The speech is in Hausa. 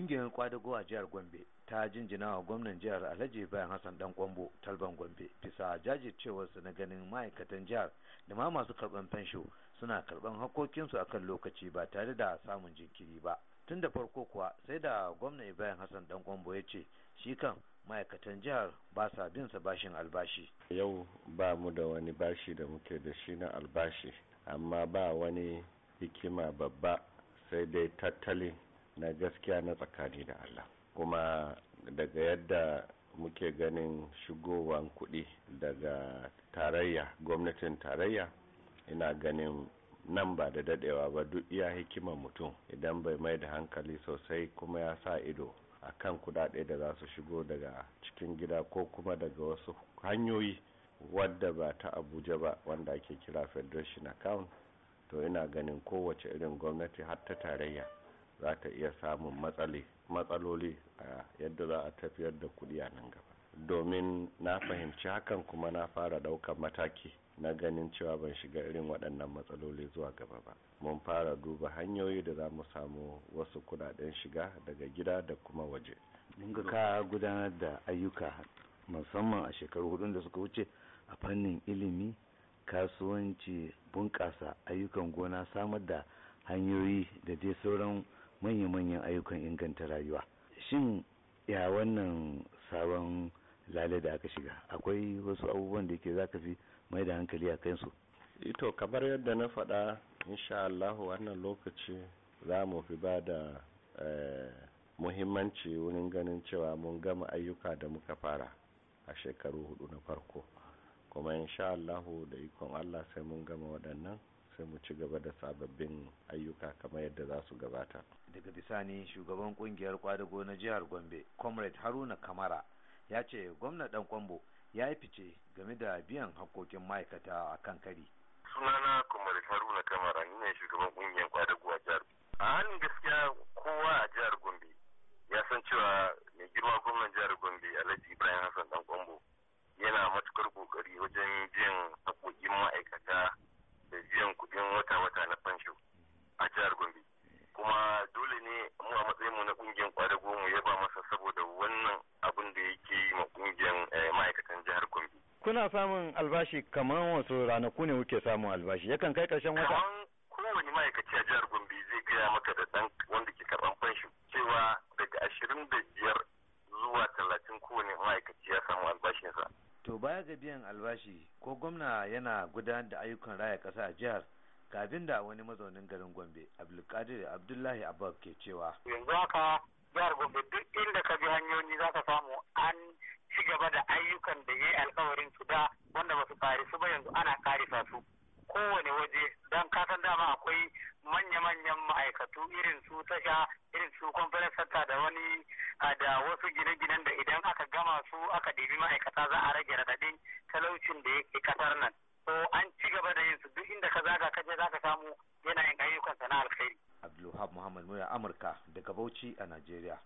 kungiyar kwadago a jihar Gombe ta jinjina wa gwamnan jihar Alhaji Bayan Hassan Dan Kwambo Talban Gombe bisa su na ganin ma'aikatan jihar da ma masu karban fensho suna karban hakokinsu akan lokaci ba tare da samun jinkiri ba. Tun da farko kuwa sai da gwamnan Ibrahim Hassan Dan Kwambo ya ce shi kan ma'aikatan jihar ba sa bin sa bashin albashi. Yau ba mu da wani bashi da muke da shi na albashi amma ba wani hikima babba sai dai tattalin na gaskiya na tsakani da Allah kuma daga yadda muke ganin shigowan kuɗi daga tarayya gwamnatin tarayya ina ganin nan ba da dadewa ba duk iya hikimar mutum idan bai mai da hankali sosai kuma ya sa ido a kan kudade da za su shigo daga cikin gida ko kuma daga wasu hanyoyi wadda ba ta abuja ba wanda ake kira federation account to ina ganin kowace irin gwamnati har ta tarayya za ta iya samun matsaloli a yadda za a tafiyar da kuɗi a nan gaba domin na fahimci hakan kuma na fara ɗaukar mataki na ganin cewa ban shiga irin waɗannan matsaloli zuwa gaba ba mun fara duba hanyoyi da za mu samu wasu kudaden shiga daga gida da kuma waje ka gudanar da ayyuka musamman a shekaru hudun da suka wuce a fannin ilimi kasuwanci bunƙasa ayyukan gona samar da hanyoyi da dai sauran manya-manyan ayyukan inganta rayuwa shin ya wannan sabon lale da aka shiga akwai wasu abubuwan da ke zaka fi mai da hankali a kansu ito eh kamar yadda na faɗa insha Allah wannan lokaci za mu fi ba da eh, muhimmanci wurin ganin cewa mun gama ayyuka da muka fara a shekaru hudu na farko kuma insha Allah da ikon Allah sai mun gama waɗannan sai mu ci gaba da sababbin ayyuka kamar yadda za su gabata daga bisani shugaban kungiyar kwadago na jihar gombe comrade haruna kamara ya ce gwamna ɗan kwambo ya yi fice game da biyan hakkokin ma'aikata a kan kari sunana comrade haruna kamara ni ne shugaban kungiyar kwadago kuna samun albashi kamar wasu ranaku ne kuke samun albashi yakan kai ƙarshen wata kowane ma'aikaci a jihar Gombe zai gaya maka da ɗan wanda ke karɓan fanshi cewa daga ashirin da biyar zuwa talatin kowane ma'aikaci ya samu albashinsa. To baya ga biyan albashi ko gwamna yana gudanar da ayyukan raya kasa a jihar ga da wani mazaunin garin Gombe Abdulkadir Abdullahi Abab ke cewa. Yanzu haka jihar Gombe duk inda ka bi hanyoyi za ka samu an ci gaba da ayyukan da ya yi alkawarin su da wanda ba su fari su ba yanzu ana karisa su kowane waje don kasan dama akwai manya-manyan ma'aikatu irin su tasha irin su conference sata da wani da wasu gine-ginen da idan aka gama su aka ɗibi ma'aikata za a rage radadin talaucin da yake kasar nan to an ci gaba da yin su duk inda ka zaga kaje za ka samu yana yin ayyukan sana alkhairi Abdulwahab Muhammad Muya Amurka daga Bauchi a Najeriya